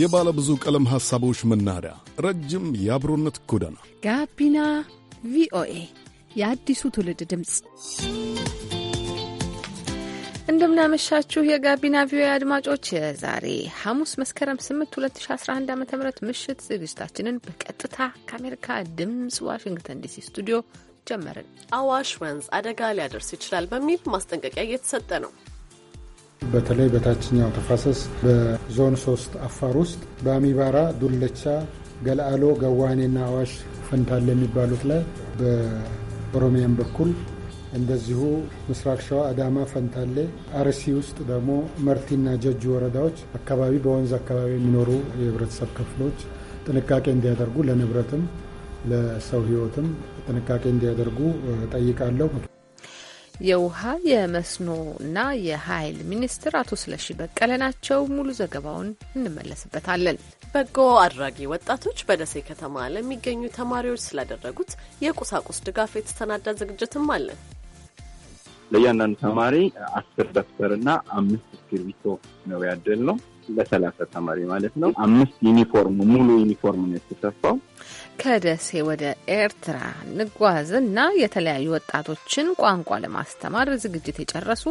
የባለ ብዙ ቀለም ሐሳቦች መናኸሪያ፣ ረጅም የአብሮነት ጎዳና፣ ጋቢና ቪኦኤ የአዲሱ ትውልድ ድምፅ። እንደምናመሻችሁ የጋቢና ቪኦኤ አድማጮች፣ የዛሬ ሐሙስ መስከረም 8 2011 ዓ ም ምሽት ዝግጅታችንን በቀጥታ ከአሜሪካ ድምፅ ዋሽንግተን ዲሲ ስቱዲዮ ጀመርን። አዋሽ ወንዝ አደጋ ሊያደርስ ይችላል በሚል ማስጠንቀቂያ እየተሰጠ ነው። በተለይ በታችኛው ተፋሰስ በዞን ሶስት አፋር ውስጥ በአሚባራ፣ ዱለቻ፣ ገላአሎ፣ ገዋኔና አዋሽ ፈንታል የሚባሉት ላይ በኦሮሚያን በኩል እንደዚሁ ምስራቅ ሸዋ አዳማ፣ ፈንታሌ፣ አርሲ ውስጥ ደግሞ መርቲና ጀጁ ወረዳዎች አካባቢ በወንዝ አካባቢ የሚኖሩ የህብረተሰብ ክፍሎች ጥንቃቄ እንዲያደርጉ ለንብረትም ለሰው ህይወትም ጥንቃቄ እንዲያደርጉ ጠይቃለሁ። የውሃ የመስኖና የኃይል ሚኒስትር አቶ ስለሺ በቀለ ናቸው። ሙሉ ዘገባውን እንመለስበታለን። በጎ አድራጊ ወጣቶች በደሴ ከተማ ለሚገኙ ተማሪዎች ስላደረጉት የቁሳቁስ ድጋፍ የተሰናዳ ዝግጅትም አለን። ለእያንዳንዱ ተማሪ አስር ደብተርና አምስት እስክርቢቶ ነው ያደል ነው ለሰላሳ ተማሪ ማለት ነው። አምስት ዩኒፎርም ሙሉ ዩኒፎርም ነው የተሰፋው። ከደሴ ወደ ኤርትራ እንጓዝና የተለያዩ ወጣቶችን ቋንቋ ለማስተማር ዝግጅት የጨረሱ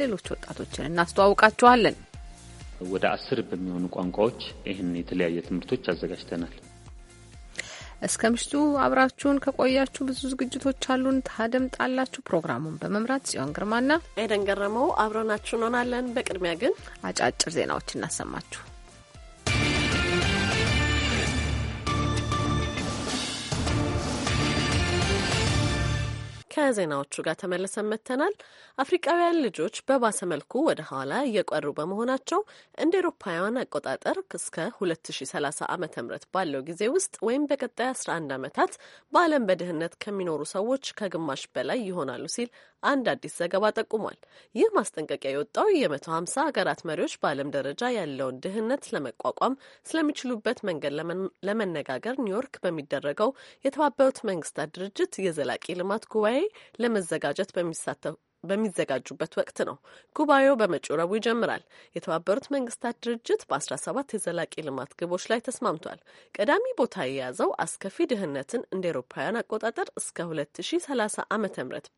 ሌሎች ወጣቶችን እናስተዋውቃችኋለን። ወደ አስር በሚሆኑ ቋንቋዎች ይህን የተለያየ ትምህርቶች አዘጋጅተናል። እስከ ምሽቱ አብራችሁን ከቆያችሁ ብዙ ዝግጅቶች አሉን ታደምጣላችሁ። ፕሮግራሙን በመምራት ጽዮን ግርማና ኤደን ገረመው አብረናችሁ እንሆናለን። በቅድሚያ ግን አጫጭር ዜናዎች እናሰማችሁ። ከዜናዎቹ ጋር ተመልሰን መጥተናል። አፍሪቃውያን ልጆች በባሰ መልኩ ወደ ኋላ እየቀሩ በመሆናቸው እንደ ኤሮፓውያን አቆጣጠር እስከ 2030 ዓ ም ባለው ጊዜ ውስጥ ወይም በቀጣይ 11 ዓመታት በዓለም በድህነት ከሚኖሩ ሰዎች ከግማሽ በላይ ይሆናሉ ሲል አንድ አዲስ ዘገባ ጠቁሟል። ይህ ማስጠንቀቂያ የወጣው የመቶ ሀምሳ ሀገራት መሪዎች በዓለም ደረጃ ያለውን ድህነት ለመቋቋም ስለሚችሉበት መንገድ ለመነጋገር ኒውዮርክ በሚደረገው የተባበሩት መንግስታት ድርጅት የዘላቂ ልማት ጉባኤ ለመዘጋጀት በሚዘጋጁበት ወቅት ነው። ጉባኤው በመጪው ረቡዕ ይጀምራል። የተባበሩት መንግስታት ድርጅት በ17 የዘላቂ ልማት ግቦች ላይ ተስማምቷል። ቀዳሚ ቦታ የያዘው አስከፊ ድህነትን እንደ ኤሮፓውያን አቆጣጠር እስከ 2030 ዓ ም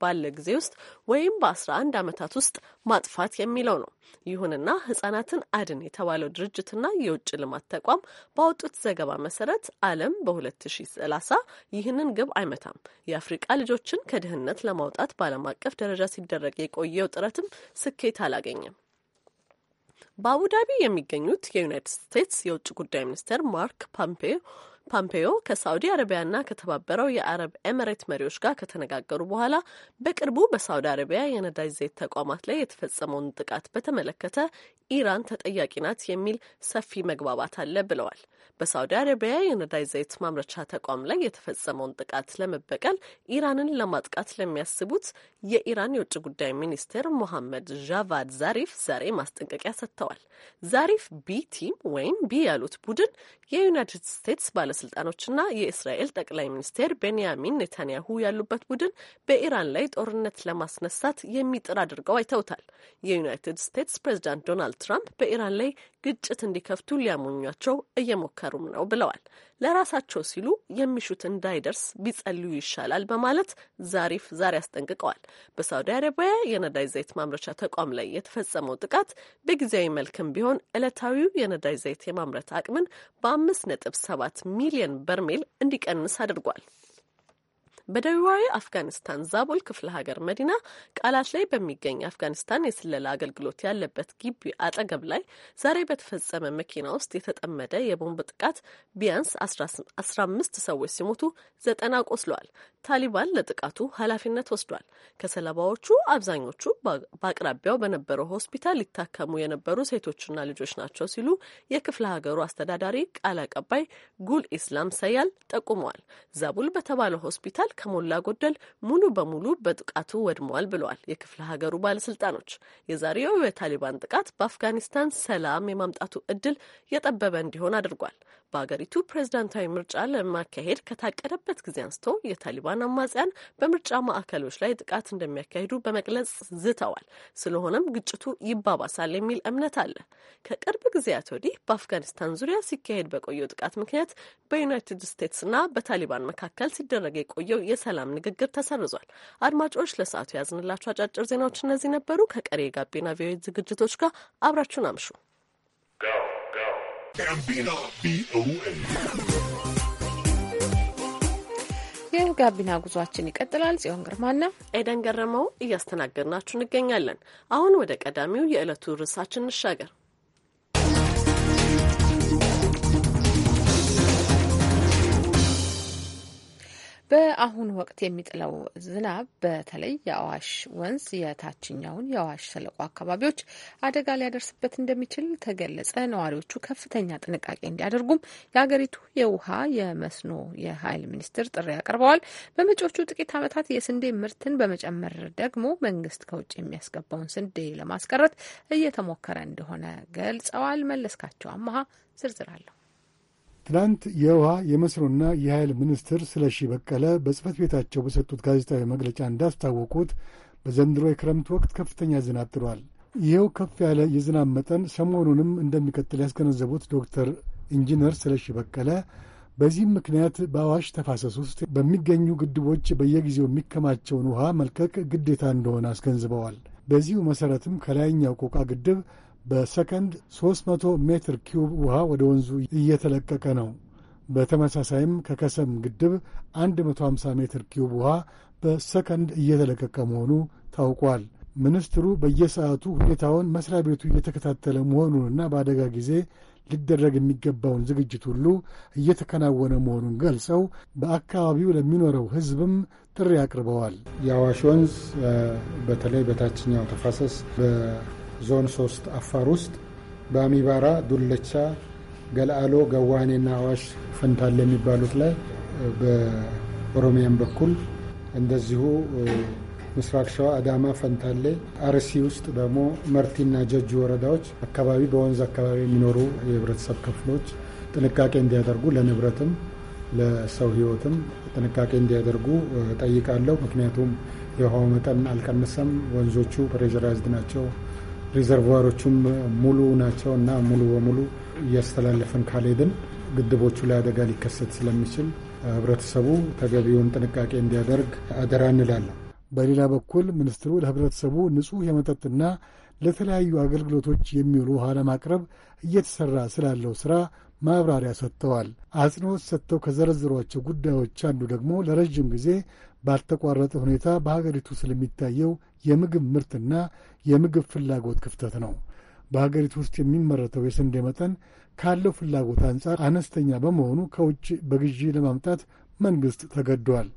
ባለ ጊዜ ውስጥ ወይም በ11 ዓመታት ውስጥ ማጥፋት የሚለው ነው። ይሁንና ህጻናትን አድን የተባለው ድርጅትና የውጭ ልማት ተቋም ባወጡት ዘገባ መሰረት ዓለም በ2030 ይህንን ግብ አይመታም። የአፍሪቃ ልጆችን ከድህነት ለማውጣት በዓለም አቀፍ ደረጃ ሲደ ሲደረግ የቆየው ጥረትም ስኬት አላገኘም። በአቡዳቢ የሚገኙት የዩናይትድ ስቴትስ የውጭ ጉዳይ ሚኒስትር ማርክ ፖምፔዮ ፓምፔዮ ከሳውዲ አረቢያና ከተባበረው የአረብ ኤምሬት መሪዎች ጋር ከተነጋገሩ በኋላ በቅርቡ በሳውዲ አረቢያ የነዳጅ ዘይት ተቋማት ላይ የተፈጸመውን ጥቃት በተመለከተ ኢራን ተጠያቂ ናት የሚል ሰፊ መግባባት አለ ብለዋል። በሳውዲ አረቢያ የነዳጅ ዘይት ማምረቻ ተቋም ላይ የተፈጸመውን ጥቃት ለመበቀል ኢራንን ለማጥቃት ለሚያስቡት የኢራን የውጭ ጉዳይ ሚኒስቴር ሞሐመድ ዣቫድ ዛሪፍ ዛሬ ማስጠንቀቂያ ሰጥተዋል። ዛሪፍ ቢ ቲም ወይም ቢ ያሉት ቡድን የዩናይትድ ስቴትስ ባለ ባለስልጣኖችና የእስራኤል ጠቅላይ ሚኒስቴር ቤንያሚን ኔታንያሁ ያሉበት ቡድን በኢራን ላይ ጦርነት ለማስነሳት የሚጥር አድርገው አይተውታል። የዩናይትድ ስቴትስ ፕሬዚዳንት ዶናልድ ትራምፕ በኢራን ላይ ግጭት እንዲከፍቱ ሊያሞኟቸው እየሞከሩም ነው ብለዋል። ለራሳቸው ሲሉ የሚሹት እንዳይደርስ ቢጸልዩ ይሻላል በማለት ዛሪፍ ዛሬ አስጠንቅቀዋል። በሳውዲ አረቢያ የነዳጅ ዘይት ማምረቻ ተቋም ላይ የተፈጸመው ጥቃት በጊዜያዊ መልክም ቢሆን ዕለታዊው የነዳጅ ዘይት የማምረት አቅምን በአምስት ነጥብ ሰባት ሚሊዮን በርሜል እንዲቀንስ አድርጓል። በደቡባዊ አፍጋኒስታን ዛቦል ክፍለ ሀገር መዲና ቃላት ላይ በሚገኝ አፍጋኒስታን የስለላ አገልግሎት ያለበት ግቢ አጠገብ ላይ ዛሬ በተፈጸመ መኪና ውስጥ የተጠመደ የቦምብ ጥቃት ቢያንስ አስራ አምስት ሰዎች ሲሞቱ ዘጠና ቆስለዋል። ታሊባን ለጥቃቱ ኃላፊነት ወስዷል። ከሰለባዎቹ አብዛኞቹ በአቅራቢያው በነበረው ሆስፒታል ሊታከሙ የነበሩ ሴቶችና ልጆች ናቸው ሲሉ የክፍለ ሀገሩ አስተዳዳሪ ቃል አቀባይ ጉል ኢስላም ሰያል ጠቁመዋል። ዛቡል በተባለው ሆስፒታል ከሞላ ጎደል ሙሉ በሙሉ በጥቃቱ ወድመዋል ብለዋል የክፍለ ሀገሩ ባለስልጣኖች። የዛሬው የታሊባን ጥቃት በአፍጋኒስታን ሰላም የማምጣቱ እድል የጠበበ እንዲሆን አድርጓል። በሀገሪቱ ፕሬዝዳንታዊ ምርጫ ለማካሄድ ከታቀደበት ጊዜ አንስቶ የታሊባን አማጽያን በምርጫ ማዕከሎች ላይ ጥቃት እንደሚያካሂዱ በመግለጽ ዝተዋል። ስለሆነም ግጭቱ ይባባሳል የሚል እምነት አለ። ከቅርብ ጊዜያት ወዲህ በአፍጋኒስታን ዙሪያ ሲካሄድ በቆየው ጥቃት ምክንያት በዩናይትድ ስቴትስና በታሊባን መካከል ሲደረግ የቆየው የሰላም ንግግር ተሰርዟል። አድማጮች ለሰዓቱ ያዝንላቸው አጫጭር ዜናዎች እነዚህ ነበሩ። ከቀሪ የጋቢና ቪዮ ዝግጅቶች ጋር አብራችሁን አምሹ። ጋቢና ቪኦኤ የጋቢና ጉዟችን ይቀጥላል። ጽዮን ግርማና ኤደን ገረመው እያስተናገድናችሁ እንገኛለን። አሁን ወደ ቀዳሚው የዕለቱ ርዕሳችን እንሻገር። በአሁኑ ወቅት የሚጥለው ዝናብ በተለይ የአዋሽ ወንዝ የታችኛውን የአዋሽ ሸለቆ አካባቢዎች አደጋ ሊያደርስበት እንደሚችል ተገለጸ። ነዋሪዎቹ ከፍተኛ ጥንቃቄ እንዲያደርጉም የሀገሪቱ የውሃ የመስኖ የኃይል ሚኒስትር ጥሪ አቅርበዋል። በመጪዎቹ ጥቂት ዓመታት የስንዴ ምርትን በመጨመር ደግሞ መንግስት ከውጭ የሚያስገባውን ስንዴ ለማስቀረት እየተሞከረ እንደሆነ ገልጸዋል። መለስካቸው አመሀ ዝርዝር አለሁ ትናንት የውሃ የመስኖና የኃይል ሚኒስትር ስለሺ በቀለ በጽህፈት ቤታቸው በሰጡት ጋዜጣዊ መግለጫ እንዳስታወቁት በዘንድሮ የክረምት ወቅት ከፍተኛ ዝናብ ጥሏል። ይኸው ከፍ ያለ የዝናብ መጠን ሰሞኑንም እንደሚቀጥል ያስገነዘቡት ዶክተር ኢንጂነር ስለሺ በቀለ በዚህም ምክንያት በአዋሽ ተፋሰስ ውስጥ በሚገኙ ግድቦች በየጊዜው የሚከማቸውን ውሃ መልቀቅ ግዴታ እንደሆነ አስገንዝበዋል። በዚሁ መሠረትም ከላይኛው ቆቃ ግድብ በሰከንድ 300 ሜትር ኪዩብ ውሃ ወደ ወንዙ እየተለቀቀ ነው። በተመሳሳይም ከከሰም ግድብ 150 ሜትር ኪዩብ ውሃ በሰከንድ እየተለቀቀ መሆኑ ታውቋል። ሚኒስትሩ በየሰዓቱ ሁኔታውን መስሪያ ቤቱ እየተከታተለ መሆኑንና በአደጋ ጊዜ ሊደረግ የሚገባውን ዝግጅት ሁሉ እየተከናወነ መሆኑን ገልጸው በአካባቢው ለሚኖረው ሕዝብም ጥሪ አቅርበዋል። የአዋሽ ወንዝ በተለይ በታችኛው ተፋሰስ ዞን 3 አፋር ውስጥ በአሚባራ፣ ዱለቻ፣ ገላአሎ፣ ገዋኔና አዋሽ ፈንታል የሚባሉት ላይ በኦሮሚያን በኩል እንደዚሁ ምስራቅ ሸዋ፣ አዳማ፣ ፈንታሌ፣ አርሲ ውስጥ ደግሞ መርቲና ጀጅ ወረዳዎች አካባቢ በወንዝ አካባቢ የሚኖሩ የህብረተሰብ ክፍሎች ጥንቃቄ እንዲያደርጉ ለንብረትም ለሰው ህይወትም ጥንቃቄ እንዲያደርጉ ጠይቃለሁ። ምክንያቱም የውሃው መጠን አልቀነሰም፣ ወንዞቹ ፕሬዘራይዝድ ናቸው ሪዘርቫሮቹም ሙሉ ናቸው እና ሙሉ በሙሉ እያስተላለፍን ካልሄድን ግድቦቹ ላይ አደጋ ሊከሰት ስለሚችል ህብረተሰቡ ተገቢውን ጥንቃቄ እንዲያደርግ አደራ እንላለን። በሌላ በኩል ሚኒስትሩ ለህብረተሰቡ ንጹህ የመጠጥና ለተለያዩ አገልግሎቶች የሚውሉ ውሃ ለማቅረብ እየተሠራ ስላለው ሥራ ማብራሪያ ሰጥተዋል። አጽንዖት ሰጥተው ከዘረዘሯቸው ጉዳዮች አንዱ ደግሞ ለረዥም ጊዜ ባልተቋረጠ ሁኔታ በሀገሪቱ ስለሚታየው የምግብ ምርትና የምግብ ፍላጎት ክፍተት ነው። በሀገሪቱ ውስጥ የሚመረተው የስንዴ መጠን ካለው ፍላጎት አንጻር አነስተኛ በመሆኑ ከውጭ በግዢ ለማምጣት መንግሥት ተገዷል።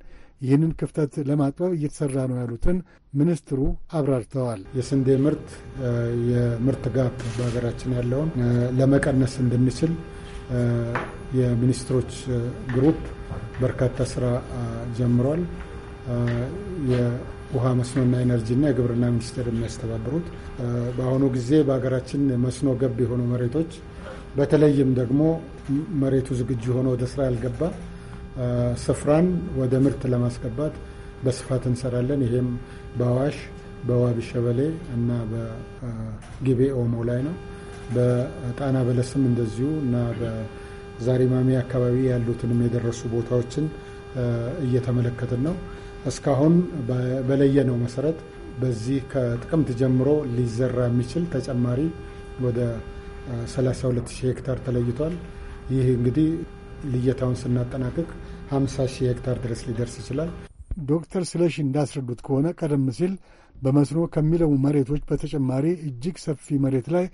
ይህንን ክፍተት ለማጥበብ እየተሰራ ነው ያሉትን ሚኒስትሩ አብራርተዋል። የስንዴ ምርት የምርት ጋፕ በሀገራችን ያለውን ለመቀነስ እንድንችል የሚኒስትሮች ግሩፕ በርካታ ስራ ጀምሯል። የውሃ መስኖና ኤነርጂና የግብርና ሚኒስቴር የሚያስተባብሩት። በአሁኑ ጊዜ በሀገራችን መስኖ ገብ የሆኑ መሬቶች በተለይም ደግሞ መሬቱ ዝግጁ ሆኖ ወደ ስራ ያልገባ ስፍራን ወደ ምርት ለማስገባት በስፋት እንሰራለን። ይሄም በአዋሽ በዋቢ ሸበሌ እና በጊቤ ኦሞ ላይ ነው። በጣና በለስም እንደዚሁ እና በዛሪማሚ አካባቢ ያሉትንም የደረሱ ቦታዎችን እየተመለከትን ነው። እስካሁን በለየነው መሰረት በዚህ ከጥቅምት ጀምሮ ሊዘራ የሚችል ተጨማሪ ወደ 32 ሄክታር ተለይቷል። ይህ እንግዲህ ልየታውን ስናጠናቅቅ 50 ሄክታር ድረስ ሊደርስ ይችላል። ዶክተር ስለሺ እንዳስረዱት ከሆነ ቀደም ሲል በመስኖ ከሚለሙ መሬቶች በተጨማሪ እጅግ ሰፊ መሬት ላይ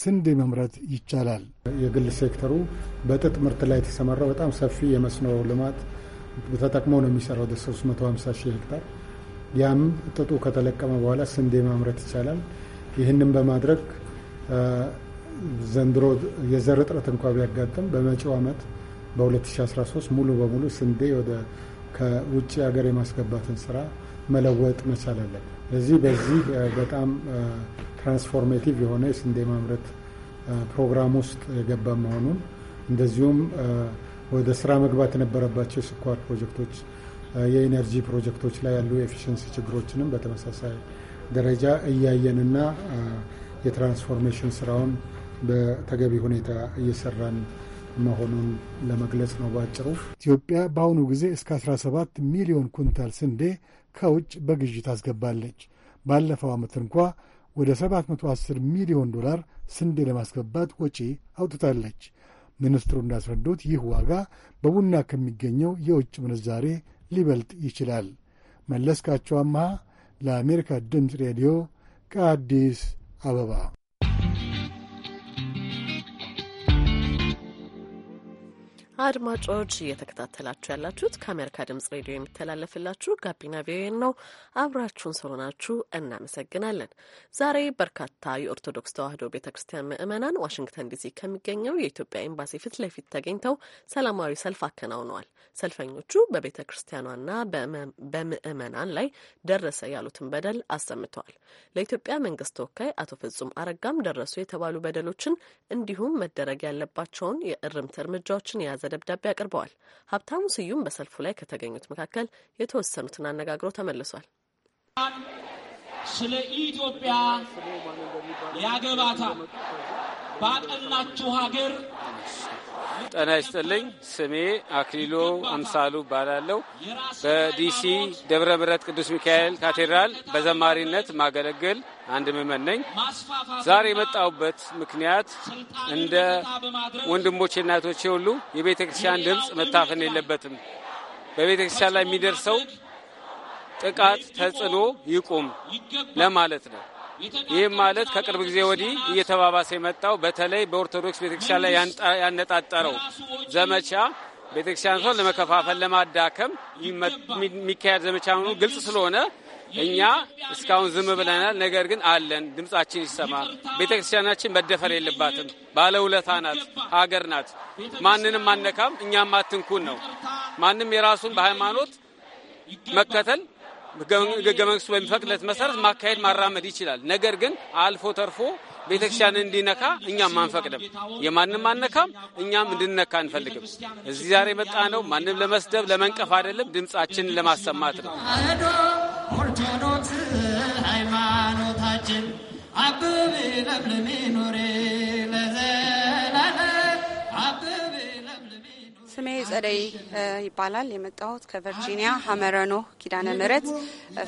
ስንዴ መምረት ይቻላል። የግል ሴክተሩ በጥጥ ምርት ላይ የተሰማራው በጣም ሰፊ የመስኖ ልማት ተጠቅሞ ነው የሚሰራው ወደ 350 ሺህ ሄክታር። ያም ጥጡ ከተለቀመ በኋላ ስንዴ ማምረት ይቻላል። ይህንም በማድረግ ዘንድሮ የዘር እጥረት እንኳ ቢያጋጥም በመጪው ዓመት በ2013 ሙሉ በሙሉ ስንዴ ወደ ከውጭ ሀገር የማስገባትን ስራ መለወጥ መቻል አለን። በዚህ በጣም ትራንስፎርሜቲቭ የሆነ የስንዴ ማምረት ፕሮግራም ውስጥ የገባ መሆኑን እንደዚሁም ወደ ስራ መግባት የነበረባቸው የስኳር ፕሮጀክቶች፣ የኢነርጂ ፕሮጀክቶች ላይ ያሉ የኤፊሽንሲ ችግሮችንም በተመሳሳይ ደረጃ እያየንና የትራንስፎርሜሽን ስራውን በተገቢ ሁኔታ እየሰራን መሆኑን ለመግለጽ ነው ባጭሩ። ኢትዮጵያ በአሁኑ ጊዜ እስከ 17 ሚሊዮን ኩንታል ስንዴ ከውጭ በግዥ ታስገባለች። ባለፈው ዓመት እንኳ ወደ 710 ሚሊዮን ዶላር ስንዴ ለማስገባት ወጪ አውጥታለች። ሚኒስትሩ እንዳስረዱት ይህ ዋጋ በቡና ከሚገኘው የውጭ ምንዛሬ ሊበልጥ ይችላል። መለስካቸው አመሃ ለአሜሪካ ድምፅ ሬዲዮ ከአዲስ አበባ አድማጮች እየተከታተላችሁ ያላችሁት ከአሜሪካ ድምጽ ሬዲዮ የሚተላለፍላችሁ ጋቢና ቪኦኤ ነው። አብራችሁን ስለሆናችሁ እናመሰግናለን። ዛሬ በርካታ የኦርቶዶክስ ተዋሕዶ ቤተ ክርስቲያን ምዕመናን ዋሽንግተን ዲሲ ከሚገኘው የኢትዮጵያ ኤምባሲ ፊት ለፊት ተገኝተው ሰላማዊ ሰልፍ አከናውነዋል። ሰልፈኞቹ በቤተ ክርስቲያኗና በምዕመናን ላይ ደረሰ ያሉትን በደል አሰምተዋል። ለኢትዮጵያ መንግስት ተወካይ አቶ ፍጹም አረጋም ደረሱ የተባሉ በደሎችን እንዲሁም መደረግ ያለባቸውን የእርምት እርምጃዎችን የያዘ ደብዳቤ አቅርበዋል። ሀብታሙ ስዩም በሰልፉ ላይ ከተገኙት መካከል የተወሰኑትን አነጋግሮ ተመልሷል። ስለ ኢትዮጵያ ያገባታል ባቀናችሁ ሀገር ጤና ይስጥልኝ። ስሜ አክሊሎ አምሳሉ እባላለሁ። በዲሲ ደብረ ምሕረት ቅዱስ ሚካኤል ካቴድራል በዘማሪነት ማገለግል አንድ ምዕመን ነኝ። ዛሬ የመጣሁበት ምክንያት እንደ ወንድሞቼ እናቶቼ ሁሉ የቤተ ክርስቲያን ድምፅ መታፈን የለበትም። በቤተ ክርስቲያን ላይ የሚደርሰው ጥቃት፣ ተጽዕኖ ይቁም ለማለት ነው። ይህም ማለት ከቅርብ ጊዜ ወዲህ እየተባባሰ የመጣው በተለይ በኦርቶዶክስ ቤተክርስቲያን ላይ ያነጣጠረው ዘመቻ ቤተክርስቲያን ቤተክርስቲያኗን ለመከፋፈል ለማዳከም የሚካሄድ ዘመቻ መሆኑ ግልጽ ስለሆነ እኛ እስካሁን ዝም ብለናል። ነገር ግን አለን፣ ድምጻችን ይሰማ። ቤተክርስቲያናችን መደፈር የለባትም። ባለውለታ ናት፣ ሀገር ናት። ማንንም አነካም፣ እኛም አትንኩን ነው። ማንም የራሱን በሃይማኖት መከተል ህገ መንግስቱ በሚፈቅድለት መሰረት ማካሄድ ማራመድ ይችላል። ነገር ግን አልፎ ተርፎ ቤተክርስቲያን እንዲነካ እኛም አንፈቅድም። የማንም አነካም፣ እኛም እንድንነካ አንፈልግም። እዚህ ዛሬ መጣ ነው ማንም ለመስደብ ለመንቀፍ አይደለም፣ ድምፃችንን ለማሰማት ነው። ኦርቶዶክስ ሃይማኖታችን አብብ ኖሬ ስሜ ጸደይ ይባላል። የመጣሁት ከቨርጂኒያ ሀመረኖ ኪዳነ ምረት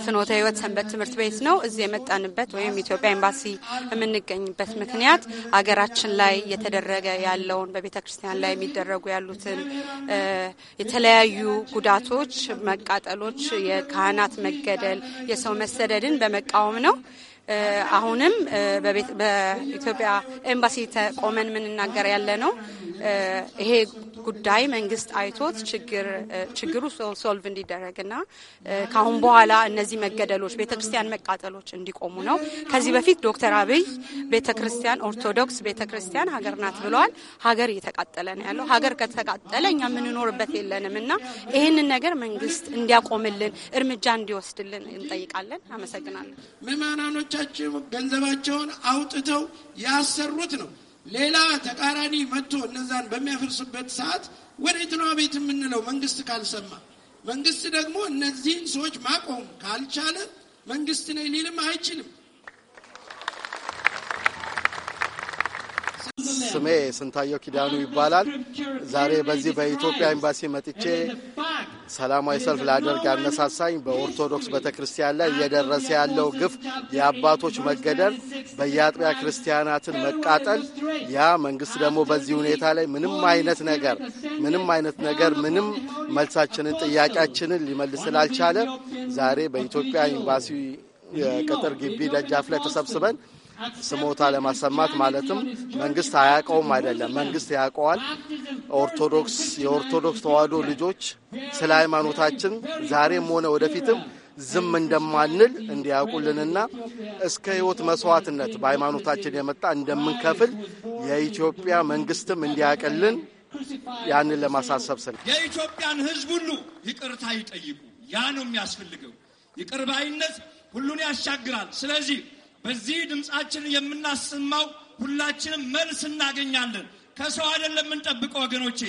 ፍኖተ ህይወት ሰንበት ትምህርት ቤት ነው። እዚህ የመጣንበት ወይም ኢትዮጵያ ኤምባሲ የምንገኝበት ምክንያት አገራችን ላይ እየተደረገ ያለውን በቤተ ክርስቲያን ላይ የሚደረጉ ያሉትን የተለያዩ ጉዳቶች፣ መቃጠሎች፣ የካህናት መገደል፣ የሰው መሰደድን በመቃወም ነው። አሁንም በኢትዮጵያ ኤምባሲ ተቆመን የምንናገር ያለ ነው። ይሄ ጉዳይ መንግስት አይቶት ችግሩ ሶልቭ እንዲደረግና ከአሁን በኋላ እነዚህ መገደሎች፣ ቤተ ክርስቲያን መቃጠሎች እንዲቆሙ ነው። ከዚህ በፊት ዶክተር አብይ ቤተ ክርስቲያን ኦርቶዶክስ ቤተ ክርስቲያን ሀገር ናት ብለዋል። ሀገር እየተቃጠለ ነው ያለው። ሀገር ከተቃጠለ እኛ የምንኖርበት የለንም እና ይህንን ነገር መንግስት እንዲያቆምልን እርምጃ እንዲወስድልን እንጠይቃለን። አመሰግናለን። ወላጆቻችን ገንዘባቸውን አውጥተው ያሰሩት ነው። ሌላ ተቃራኒ መጥቶ እነዛን በሚያፈርስበት ሰዓት ወደ የት ነው አቤት የምንለው? መንግስት ካልሰማ፣ መንግስት ደግሞ እነዚህን ሰዎች ማቆም ካልቻለ መንግስት ነኝ ሊልም አይችልም። ስሜ ስንታየው ኪዳኑ ይባላል። ዛሬ በዚህ በኢትዮጵያ ኤምባሲ መጥቼ ሰላማዊ ሰልፍ ላደርግ ያነሳሳኝ በኦርቶዶክስ ቤተ ክርስቲያን ላይ እየደረሰ ያለው ግፍ፣ የአባቶች መገደል፣ በየአጥቢያ ክርስቲያናትን መቃጠል፣ ያ መንግስት ደግሞ በዚህ ሁኔታ ላይ ምንም አይነት ነገር ምንም አይነት ነገር ምንም መልሳችንን ጥያቄያችንን ሊመልስ ላልቻለ ዛሬ በኢትዮጵያ ኤምባሲ ቅጥር ግቢ ደጃፍ ላይ ተሰብስበን ስሞታ ለማሰማት ማለትም መንግስት አያውቀውም አይደለም፣ መንግስት ያውቀዋል። ኦርቶዶክስ የኦርቶዶክስ ተዋህዶ ልጆች ስለ ሃይማኖታችን ዛሬም ሆነ ወደፊትም ዝም እንደማንል እንዲያውቁልንና እስከ ህይወት መስዋዕትነት በሃይማኖታችን የመጣ እንደምንከፍል የኢትዮጵያ መንግስትም እንዲያውቅልን ያንን ለማሳሰብ ስለ የኢትዮጵያን ህዝብ ሁሉ ይቅርታ ይጠይቁ። ያ ነው የሚያስፈልገው። ይቅርባይነት ሁሉን ያሻግራል። ስለዚህ በዚህ ድምፃችን የምናሰማው ሁላችንም መልስ እናገኛለን። ከሰው አይደለም የምንጠብቀው ወገኖቼ።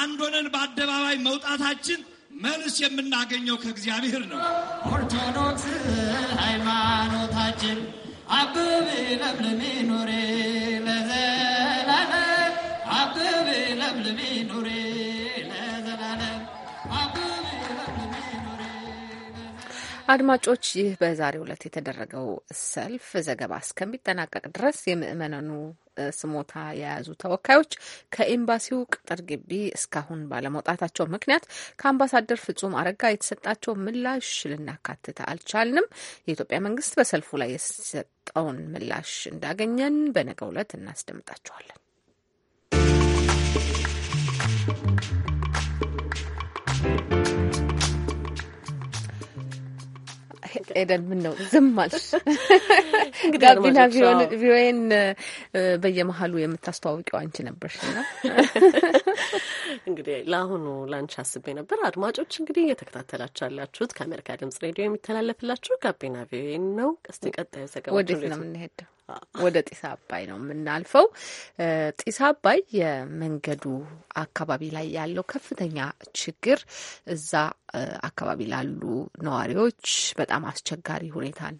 አንድ ሆነን በአደባባይ መውጣታችን መልስ የምናገኘው ከእግዚአብሔር ነው። ኦርቶዶክስ ሃይማኖታችን አብብ ለምልሚ ኑሬ ለዘላለም አብብ ለምልሚ ኑሬ አድማጮች፣ ይህ በዛሬው ዕለት የተደረገው ሰልፍ ዘገባ እስከሚጠናቀቅ ድረስ የምእመናኑ ስሞታ የያዙ ተወካዮች ከኤምባሲው ቅጥር ግቢ እስካሁን ባለመውጣታቸው ምክንያት ከአምባሳደር ፍጹም አረጋ የተሰጣቸው ምላሽ ልናካትት አልቻልንም። የኢትዮጵያ መንግስት በሰልፉ ላይ የሰጠውን ምላሽ እንዳገኘን በነገው ዕለት እናስደምጣቸዋለን። ኤደን ምን ነው ዝም አልሽ? ጋቢና ቪኦኤን በየመሀሉ የምታስተዋውቂው አንቺ ነበርሽ። እንግዲህ ለአሁኑ ላንቺ አስቤ ነበር። አድማጮች እንግዲህ እየተከታተላችሁ ያላችሁት ከአሜሪካ ድምጽ ሬዲዮ የሚተላለፍላችሁ ጋቢና ቪኦኤን ነው። ቀስቲ ቀጣዩ ዘገባ ወዴት ነው የምንሄደው? ወደ ጢስ አባይ ነው የምናልፈው። ጢስ አባይ የመንገዱ አካባቢ ላይ ያለው ከፍተኛ ችግር እዛ አካባቢ ላሉ ነዋሪዎች በጣም አስቸጋሪ ሁኔታን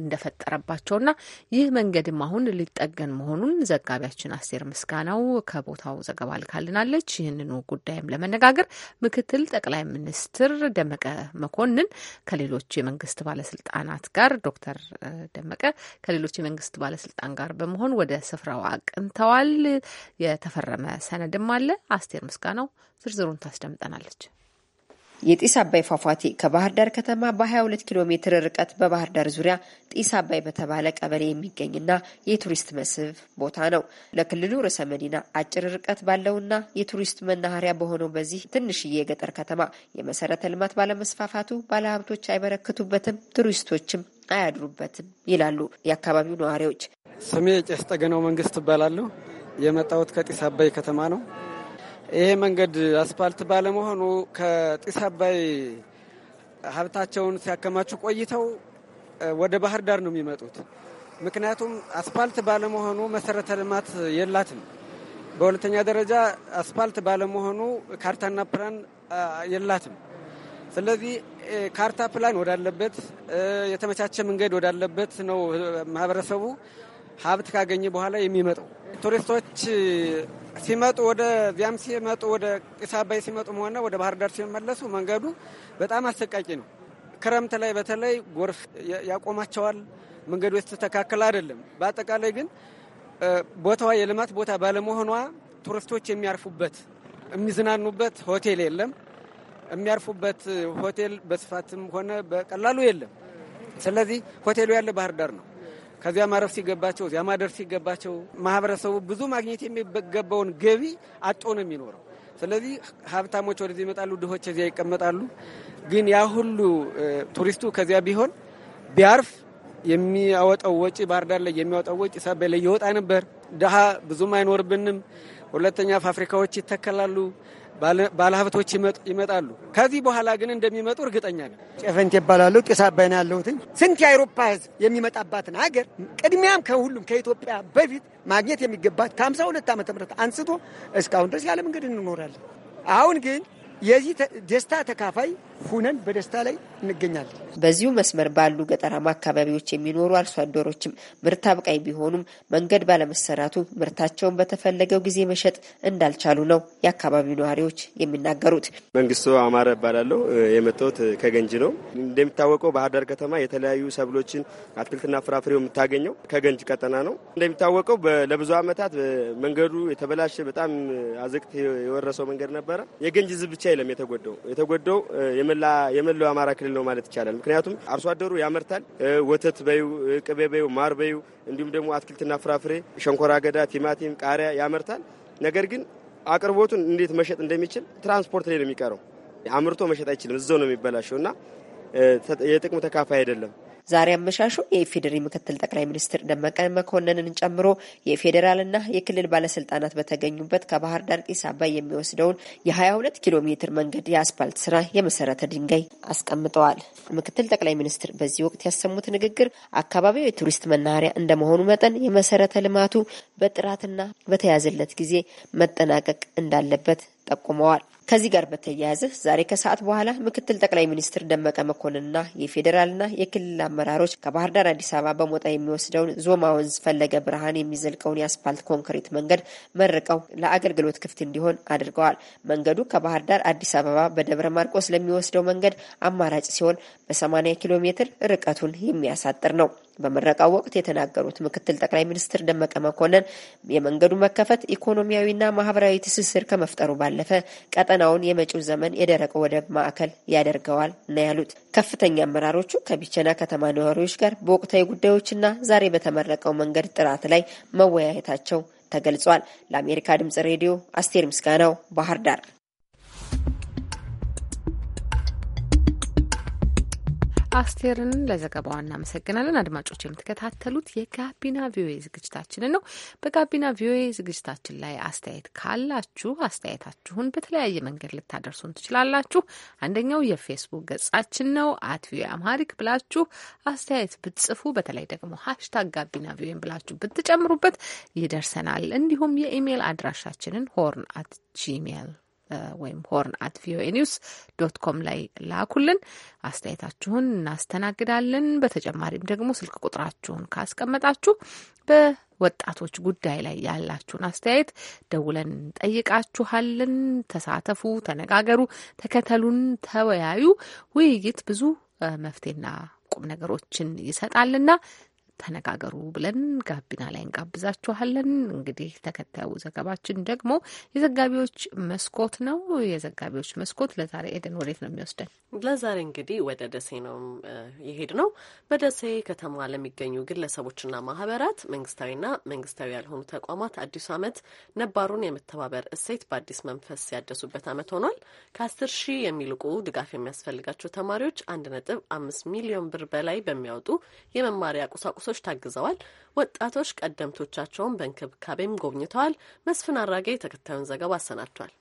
እንደፈጠረባቸው ና ይህ መንገድም አሁን ሊጠገን መሆኑን ዘጋቢያችን አስቴር ምስጋናው ከቦታው ዘገባ ልካልናለች። ይህንኑ ጉዳይም ለመነጋገር ምክትል ጠቅላይ ሚኒስትር ደመቀ መኮንን ከሌሎች የመንግስት ባለስልጣናት ጋር ዶክተር ደመቀ ከሌሎች የመንግስት ባለ ባለስልጣን ጋር በመሆን ወደ ስፍራው አቅንተዋል። የተፈረመ ሰነድም አለ። አስቴር ምስጋናው ዝርዝሩን ታስደምጠናለች። የጢስ አባይ ፏፏቴ ከባህር ዳር ከተማ በ22 ኪሎ ሜትር ርቀት በባህር ዳር ዙሪያ ጢስ አባይ በተባለ ቀበሌ የሚገኝና የቱሪስት መስህብ ቦታ ነው። ለክልሉ ርዕሰ መዲና አጭር ርቀት ባለውና የቱሪስት መናኸሪያ በሆነው በዚህ ትንሽዬ የገጠር ከተማ የመሰረተ ልማት ባለመስፋፋቱ ባለሀብቶች አይበረክቱበትም፣ ቱሪስቶችም አያድሩበትም ይላሉ የአካባቢው ነዋሪዎች። ስሜ ቄስ ጠገነው መንግስት እባላለሁ። የመጣሁት ከጢስ አባይ ከተማ ነው። ይሄ መንገድ አስፓልት ባለመሆኑ ከጢስ አባይ ሀብታቸውን ሲያከማቹ ቆይተው ወደ ባህር ዳር ነው የሚመጡት። ምክንያቱም አስፓልት ባለመሆኑ መሰረተ ልማት የላትም። በሁለተኛ ደረጃ አስፓልት ባለመሆኑ ካርታና ፕላን የላትም። ስለዚህ ካርታ ፕላን ወዳለበት የተመቻቸ መንገድ ወዳለበት ነው ማህበረሰቡ ሀብት ካገኘ በኋላ የሚመጣው። ቱሪስቶች ሲመጡ ወደ ዚያም ሲመጡ ወደ ጢስ አባይ ሲመጡም ሆነ ወደ ባህር ዳር ሲመለሱ መንገዱ በጣም አሰቃቂ ነው። ክረምት ላይ በተለይ ጎርፍ ያቆማቸዋል። መንገዱ የተስተካከለ አይደለም። በአጠቃላይ ግን ቦታዋ የልማት ቦታ ባለመሆኗ ቱሪስቶች የሚያርፉበት የሚዝናኑበት ሆቴል የለም። የሚያርፉበት ሆቴል በስፋትም ሆነ በቀላሉ የለም። ስለዚህ ሆቴሉ ያለ ባህር ዳር ነው። ከዚያ ማረፍ ሲገባቸው እዚያ ማደር ሲገባቸው ማህበረሰቡ ብዙ ማግኘት የሚገባውን ገቢ አጦ ነው የሚኖረው። ስለዚህ ሀብታሞች ወደዚህ ይመጣሉ፣ ድሆች እዚያ ይቀመጣሉ። ግን ያ ሁሉ ቱሪስቱ ከዚያ ቢሆን ቢያርፍ የሚያወጣው ወጪ ባህር ዳር ላይ የሚያወጣው ወጪ ሳቢያ ላይ ይወጣ ነበር። ድሀ ብዙም አይኖርብንም። ሁለተኛ ፋብሪካዎች ይተከላሉ። ባለሀብቶች ይመጣሉ። ከዚህ በኋላ ግን እንደሚመጡ እርግጠኛ ነን። ጨፈንቴ ይባላለሁ። ጢስ አባይ ነው ያለሁትኝ። ስንት የአውሮፓ ህዝብ የሚመጣባትን ሀገር ቅድሚያም ከሁሉም ከኢትዮጵያ በፊት ማግኘት የሚገባት ከ52 ዓመተ ምህረት አንስቶ እስካሁን ድረስ ያለ መንገድ እንኖራለን። አሁን ግን የዚህ ደስታ ተካፋይ ሁነን በደስታ ላይ እንገኛለን። በዚሁ መስመር ባሉ ገጠራማ አካባቢዎች የሚኖሩ አርሶ አደሮችም ምርት አብቃይ ቢሆኑም መንገድ ባለመሰራቱ ምርታቸውን በተፈለገው ጊዜ መሸጥ እንዳልቻሉ ነው የአካባቢው ነዋሪዎች የሚናገሩት። መንግስቱ አማረ እባላለሁ። የመጣሁት ከገንጂ ነው። እንደሚታወቀው ባህር ዳር ከተማ የተለያዩ ሰብሎችን አትክልትና ፍራፍሬው የምታገኘው ከገንጂ ቀጠና ነው። እንደሚታወቀው ለብዙ ዓመታት መንገዱ የተበላሸ በጣም አዘቅት የወረሰው መንገድ ነበረ። የገንጂ ዝብ አይደለም የተጎደው የተጎዳው የመላው አማራ ክልል ነው ማለት ይቻላል። ምክንያቱም አርሶ አደሩ ያመርታል። ወተት በዩ፣ ቅቤ በዩ፣ ማር በዩ እንዲሁም ደግሞ አትክልትና ፍራፍሬ፣ ሸንኮራ አገዳ፣ ቲማቲም፣ ቃሪያ ያመርታል። ነገር ግን አቅርቦቱን እንዴት መሸጥ እንደሚችል ትራንስፖርት ላይ ነው የሚቀረው። አምርቶ መሸጥ አይችልም። እዛው ነው የሚበላሸው እና የጥቅሙ ተካፋይ አይደለም። ዛሬ አመሻሹ የኢፌዴሪ ምክትል ጠቅላይ ሚኒስትር ደመቀ መኮንንን ጨምሮ የፌዴራልና የክልል ባለስልጣናት በተገኙበት ከባህር ዳር ጢስ አባይ የሚወስደውን የ22 ኪሎ ሜትር መንገድ የአስፓልት ስራ የመሰረተ ድንጋይ አስቀምጠዋል። ምክትል ጠቅላይ ሚኒስትር በዚህ ወቅት ያሰሙት ንግግር አካባቢው የቱሪስት መናኸሪያ እንደመሆኑ መጠን የመሰረተ ልማቱ በጥራትና በተያዘለት ጊዜ መጠናቀቅ እንዳለበት ጠቁመዋል። ከዚህ ጋር በተያያዘ ዛሬ ከሰዓት በኋላ ምክትል ጠቅላይ ሚኒስትር ደመቀ መኮንንና የፌዴራልና የክልል አመራሮች ከባህር ዳር አዲስ አበባ በሞጣ የሚወስደውን ዞማ ወንዝ ፈለገ ብርሃን የሚዘልቀውን የአስፓልት ኮንክሪት መንገድ መርቀው ለአገልግሎት ክፍት እንዲሆን አድርገዋል። መንገዱ ከባህር ዳር አዲስ አበባ በደብረ ማርቆስ ለሚወስደው መንገድ አማራጭ ሲሆን በ80 ኪሎ ሜትር ርቀቱን የሚያሳጥር ነው። በምረቃው ወቅት የተናገሩት ምክትል ጠቅላይ ሚኒስትር ደመቀ መኮንን የመንገዱ መከፈት ኢኮኖሚያዊና ማህበራዊ ትስስር ከመፍጠሩ ባለፈ ቀጠናውን የመጪው ዘመን የደረቀ ወደብ ማዕከል ያደርገዋል ነው ያሉት። ከፍተኛ አመራሮቹ ከቢቸና ከተማ ነዋሪዎች ጋር በወቅታዊ ጉዳዮችና ዛሬ በተመረቀው መንገድ ጥራት ላይ መወያየታቸው ተገልጿል። ለአሜሪካ ድምጽ ሬዲዮ አስቴር ምስጋናው ባህር ዳር አስቴርን ለዘገባዋ እናመሰግናለን። አድማጮች የምትከታተሉት የጋቢና ቪኦኤ ዝግጅታችንን ነው። በጋቢና ቪኦኤ ዝግጅታችን ላይ አስተያየት ካላችሁ አስተያየታችሁን በተለያየ መንገድ ልታደርሱን ትችላላችሁ። አንደኛው የፌስቡክ ገጻችን ነው። አት ቪኦኤ አምሃሪክ ብላችሁ አስተያየት ብትጽፉ፣ በተለይ ደግሞ ሀሽታግ ጋቢና ቪኦኤን ብላችሁ ብትጨምሩበት ይደርሰናል። እንዲሁም የኢሜይል አድራሻችንን ሆርን አት ጂሜል ወይም ሆርን አት ቪኦኤ ኒውስ ዶት ኮም ላይ ላኩልን። አስተያየታችሁን እናስተናግዳለን። በተጨማሪም ደግሞ ስልክ ቁጥራችሁን ካስቀመጣችሁ በወጣቶች ጉዳይ ላይ ያላችሁን አስተያየት ደውለን ጠይቃችኋልን፣ ተሳተፉ፣ ተነጋገሩ፣ ተከተሉን፣ ተወያዩ። ውይይት ብዙ መፍትሄና ቁም ነገሮችን ይሰጣልና ተነጋገሩ ብለን ጋቢና ላይ እንጋብዛችኋለን። እንግዲህ ተከታዩ ዘገባችን ደግሞ የዘጋቢዎች መስኮት ነው። የዘጋቢዎች መስኮት ለዛሬ ኤደን ወዴት ነው የሚወስደን? ለዛሬ እንግዲህ ወደ ደሴ ነው የሄድ ነው። በደሴ ከተማ ለሚገኙ ግለሰቦችና ማህበራት፣ መንግስታዊና መንግስታዊ ያልሆኑ ተቋማት አዲሱ ዓመት ነባሩን የመተባበር እሴት በአዲስ መንፈስ ያደሱበት ዓመት ሆኗል። ከአስር ሺህ የሚልቁ ድጋፍ የሚያስፈልጋቸው ተማሪዎች አንድ ነጥብ አምስት ሚሊዮን ብር በላይ በሚያወጡ የመማሪያ ቁሳቁስ ቁሳቁሶች ታግዘዋል። ወጣቶች ቀደምቶቻቸውን በእንክብካቤም ጎብኝተዋል። መስፍን አራጌ ተከታዩን ዘገባ አሰናድቷል።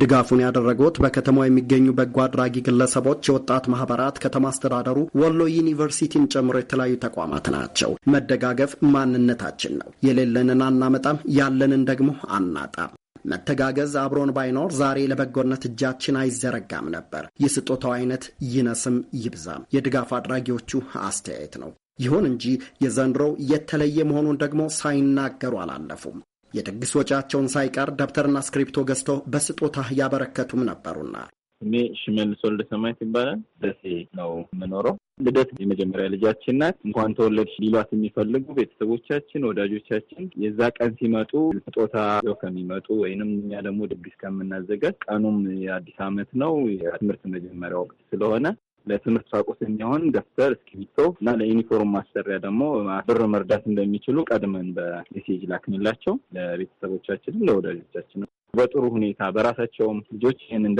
ድጋፉን ያደረጉት በከተማው የሚገኙ በጎ አድራጊ ግለሰቦች፣ የወጣት ማህበራት፣ ከተማ አስተዳደሩ፣ ወሎ ዩኒቨርሲቲን ጨምሮ የተለያዩ ተቋማት ናቸው። መደጋገፍ ማንነታችን ነው። የሌለንን አናመጣም፣ ያለንን ደግሞ አናጣም። መተጋገዝ አብሮን ባይኖር ዛሬ ለበጎነት እጃችን አይዘረጋም ነበር። የስጦታው አይነት ይነስም ይብዛም የድጋፍ አድራጊዎቹ አስተያየት ነው። ይሁን እንጂ የዘንድሮው የተለየ መሆኑን ደግሞ ሳይናገሩ አላለፉም። የድግስ ወጪያቸውን ሳይቀር ደብተርና እስክሪፕቶ ገዝቶ በስጦታ ያበረከቱም ነበሩና እኔ ሽመልስ ወልደ ሰማያት ይባላል። ደሴ ነው የምኖረው። ልደት የመጀመሪያ ልጃችን ናት። እንኳን ተወለድሽ ሊሏት የሚፈልጉ ቤተሰቦቻችን፣ ወዳጆቻችን የዛ ቀን ሲመጡ ስጦታ ይዘው ከሚመጡ ወይንም እኛ ደግሞ ድግስ ከምናዘጋጅ ቀኑም የአዲስ ዓመት ነው የትምህርት መጀመሪያ ወቅት ስለሆነ ለትምህርት ቁሳቁስ የሚሆን ደብተር፣ እስክሪብቶ እና ለዩኒፎርም ማሰሪያ ደግሞ ብር መርዳት እንደሚችሉ ቀድመን በሜሴጅ ላክንላቸው ለቤተሰቦቻችንም ለወዳጆቻችን በጥሩ ሁኔታ በራሳቸውም ልጆች ይህን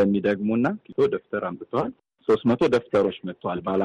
ቶ ደብተር አምጥተዋል። ሶስት መቶ ደብተሮች መጥተዋል። ባለ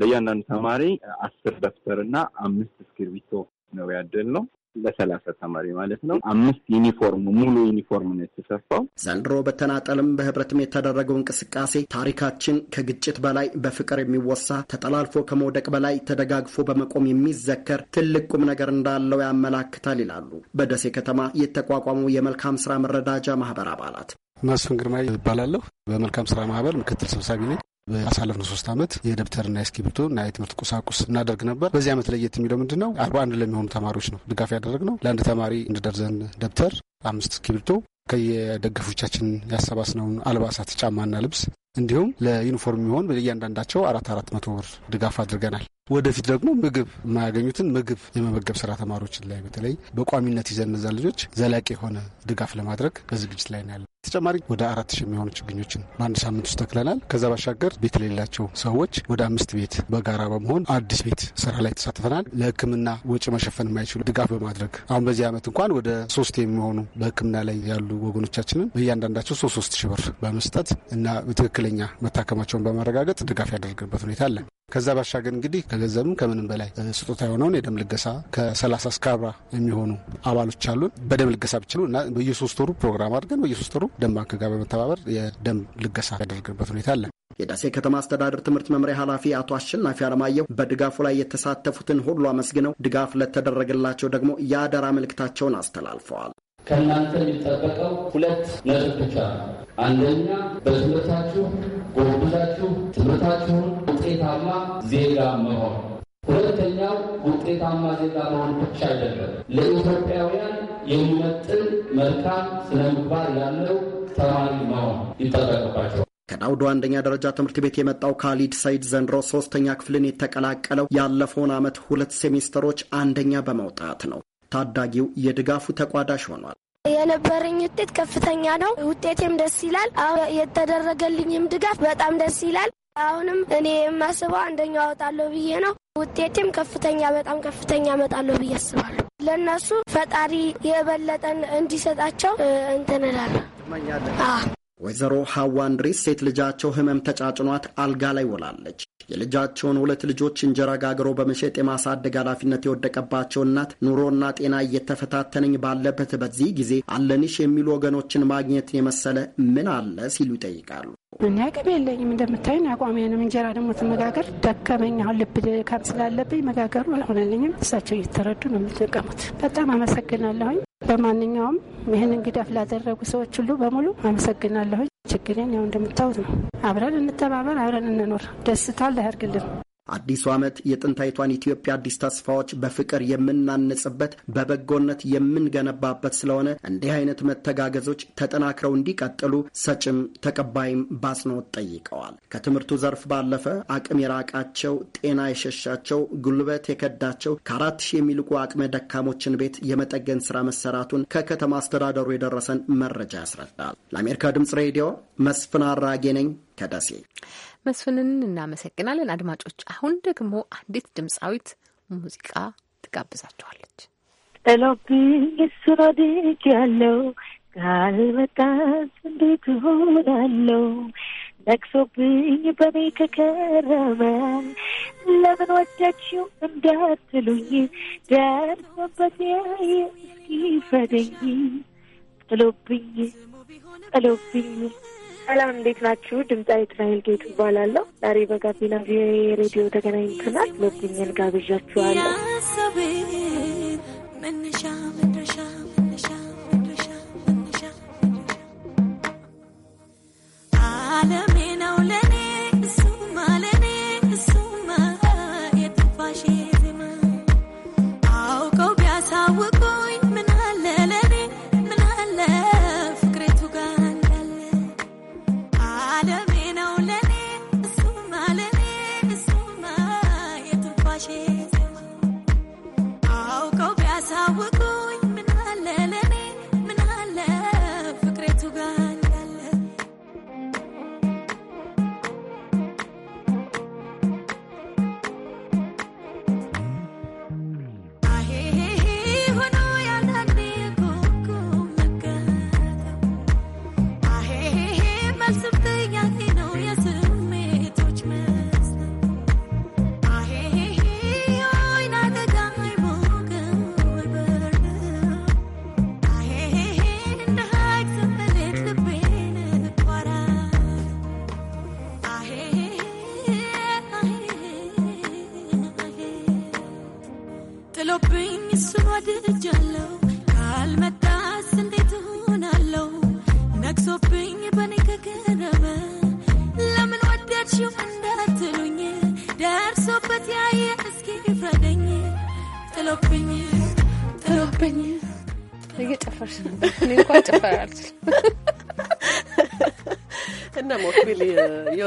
ለእያንዳንዱ ተማሪ አስር ደብተር እና አምስት እስክሪብቶ ነው ያደል ነው። ለሰላሳ ተማሪ ማለት ነው። አምስት ዩኒፎርም ሙሉ ዩኒፎርም ነው የተሰፋው። ዘንድሮ በተናጠልም በህብረትም የተደረገው እንቅስቃሴ ታሪካችን ከግጭት በላይ በፍቅር የሚወሳ ተጠላልፎ ከመውደቅ በላይ ተደጋግፎ በመቆም የሚዘከር ትልቅ ቁም ነገር እንዳለው ያመላክታል ይላሉ በደሴ ከተማ የተቋቋመው የመልካም ስራ መረዳጃ ማህበር አባላት መስፍን ግርማ ይባላለሁ። በመልካም ስራ ማህበር ምክትል ሰብሳቢ ነኝ። ባሳለፍነው ሶስት ዓመት የደብተርና የእስክሪብቶ የትምህርት ቁሳቁስ እናደርግ ነበር። በዚህ ዓመት ለየት የሚለው ምንድን ነው? አርባ አንድ ለሚሆኑ ተማሪዎች ነው ድጋፍ ያደረግነው። ለአንድ ተማሪ እንደደርዘን ደብተር፣ አምስት እስክሪብቶ፣ ከየደገፎቻችን ያሰባስነውን አልባሳት ጫማና ልብስ እንዲሁም ለዩኒፎርም የሚሆን እያንዳንዳቸው አራት አራት መቶ ብር ድጋፍ አድርገናል። ወደፊት ደግሞ ምግብ የማያገኙትን ምግብ የመመገብ ስራ ተማሪዎችን ላይ በተለይ በቋሚነት ይዘን እነዛ ልጆች ዘላቂ የሆነ ድጋፍ ለማድረግ በዝግጅት ላይ ነው ያለ። ተጨማሪ ወደ አራት ሺህ የሚሆኑ ችግኞችን በአንድ ሳምንት ውስጥ ተክለናል። ከዛ ባሻገር ቤት ለሌላቸው ሰዎች ወደ አምስት ቤት በጋራ በመሆን አዲስ ቤት ስራ ላይ ተሳትፈናል። ለሕክምና ወጪ መሸፈን የማይችሉ ድጋፍ በማድረግ አሁን በዚህ ዓመት እንኳን ወደ ሶስት የሚሆኑ በሕክምና ላይ ያሉ ወገኖቻችንን በእያንዳንዳቸው ሶስት ሶስት ሺህ ብር በመስጠት እና ትክክለኛ መታከማቸውን በማረጋገጥ ድጋፍ ያደርግበት ሁኔታ አለ። ከዛ ባሻገር እንግዲህ ከገንዘብም ከምንም በላይ ስጦታ የሆነውን የደም ልገሳ ከሰላሳ እስከ አርባ የሚሆኑ አባሎች አሉን። በደም ልገሳ ነው እና በየሶስት ወሩ ፕሮግራም አድርገን በየሶስት ወሩ ደም ባንክ ጋር በመተባበር የደም ልገሳ ያደርግበት ሁኔታ አለን። የደሴ ከተማ አስተዳደር ትምህርት መምሪያ ኃላፊ አቶ አሸናፊ አለማየሁ በድጋፉ ላይ የተሳተፉትን ሁሉ አመስግነው ድጋፍ ለተደረገላቸው ደግሞ የአደራ መልእክታቸውን አስተላልፈዋል። ከእናንተ የሚጠበቀው ሁለት ነጥብ ብቻ ነው። አንደኛ በትምህርታችሁ ጎብዛችሁ ትምህርታችሁን ውጤታማ ዜጋ መሆን፣ ሁለተኛው ውጤታማ ዜጋ መሆን ብቻ አይደለም፣ ለኢትዮጵያውያን የሚመጥን መልካም ስነ ምግባር ያለው ተማሪ መሆን ይጠበቅባቸዋል። ከዳውዶ አንደኛ ደረጃ ትምህርት ቤት የመጣው ካሊድ ሰይድ ዘንድሮ ሶስተኛ ክፍልን የተቀላቀለው ያለፈውን ዓመት ሁለት ሴሚስተሮች አንደኛ በመውጣት ነው። ታዳጊው የድጋፉ ተቋዳሽ ሆኗል። የነበረኝ ውጤት ከፍተኛ ነው። ውጤቴም ደስ ይላል። አሁን የተደረገልኝም ድጋፍ በጣም ደስ ይላል። አሁንም እኔ የማስበው አንደኛው አወጣለሁ ብዬ ነው። ውጤቴም ከፍተኛ በጣም ከፍተኛ መጣለሁ ብዬ አስባለሁ። ለእነሱ ፈጣሪ የበለጠን እንዲሰጣቸው እንትን ወይዘሮ ሀዋ እንድሪስ ሴት ልጃቸው ህመም ተጫጭኗት አልጋ ላይ ውላለች። የልጃቸውን ሁለት ልጆች እንጀራ ጋግረው በመሸጥ የማሳደግ ኃላፊነት የወደቀባቸው እናት ኑሮና ጤና እየተፈታተነኝ ባለበት በዚህ ጊዜ አለንሽ የሚሉ ወገኖችን ማግኘት የመሰለ ምን አለ ሲሉ ይጠይቃሉ። እኔ አቅም የለኝም አቋሚ ነው። እንጀራ ደግሞ መጋገር ደከመኝ። አሁን ልብ ድካም ስላለብኝ መጋገሩ አልሆነልኝም። እሳቸው እየተረዱ ነው የምጠቀሙት። በጣም አመሰግናለሁኝ። በማንኛውም ይህን እንግዳፍ ላደረጉ ሰዎች ሁሉ በሙሉ አመሰግናለሁኝ። ችግሬን ያው እንደምታዩት ነው። አብረን እንተባበር፣ አብረን እንኖር። ደስታ ላያርግልን አዲሱ ዓመት የጥንታዊቷን ኢትዮጵያ አዲስ ተስፋዎች በፍቅር የምናንጽበት፣ በበጎነት የምንገነባበት ስለሆነ እንዲህ አይነት መተጋገዞች ተጠናክረው እንዲቀጥሉ ሰጭም ተቀባይም በአጽንኦት ጠይቀዋል። ከትምህርቱ ዘርፍ ባለፈ አቅም የራቃቸው፣ ጤና የሸሻቸው፣ ጉልበት የከዳቸው ከአራት ሺህ የሚልቁ አቅመ ደካሞችን ቤት የመጠገን ስራ መሰራቱን ከከተማ አስተዳደሩ የደረሰን መረጃ ያስረዳል። ለአሜሪካ ድምጽ ሬዲዮ መስፍን አራጌ ነኝ ከደሴ። መስፍንን እናመሰግናለን። አድማጮች፣ አሁን ደግሞ አንዲት ድምፃዊት ሙዚቃ ትጋብዛቸዋለች። ጥሎብኝ እሱ ወድቅ ያለው ቃል እንዴት ሆናለው ነቅሶብኝ በኔ ከከረመ ለምን ወዳችው እንዳትሉኝ ደርሶበት ያየ እስኪ ፈደኝ ጥሎብኝ ጥሎብኝ ሰላም እንዴት ናችሁ? ድምጻዊ ትናይል ጌት እባላለሁ። ዛሬ በጋቢና ቪኦኤ ሬዲዮ ተገናኝተናል። ሎኪኛን ጋብዣችኋለሁ።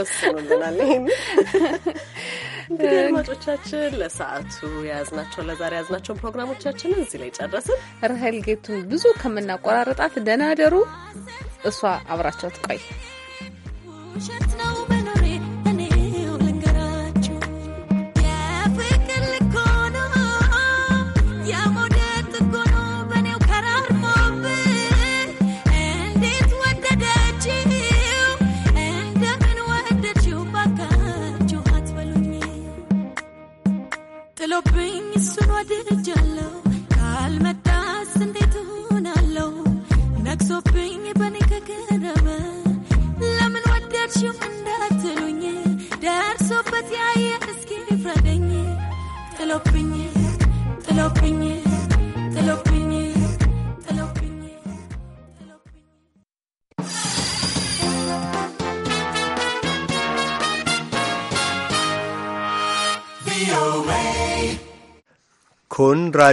ወስኖልናል። ይህን እንግዲህ አድማጮቻችን ለሰዓቱ የያዝናቸው ለዛሬ የያዝናቸውን ፕሮግራሞቻችን እዚህ ላይ ጨረስን። ራሄል ጌቱን ብዙ ከምናቆራረጣት ደናደሩ እሷ አብራቸው ትቆይ።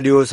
raadiyoo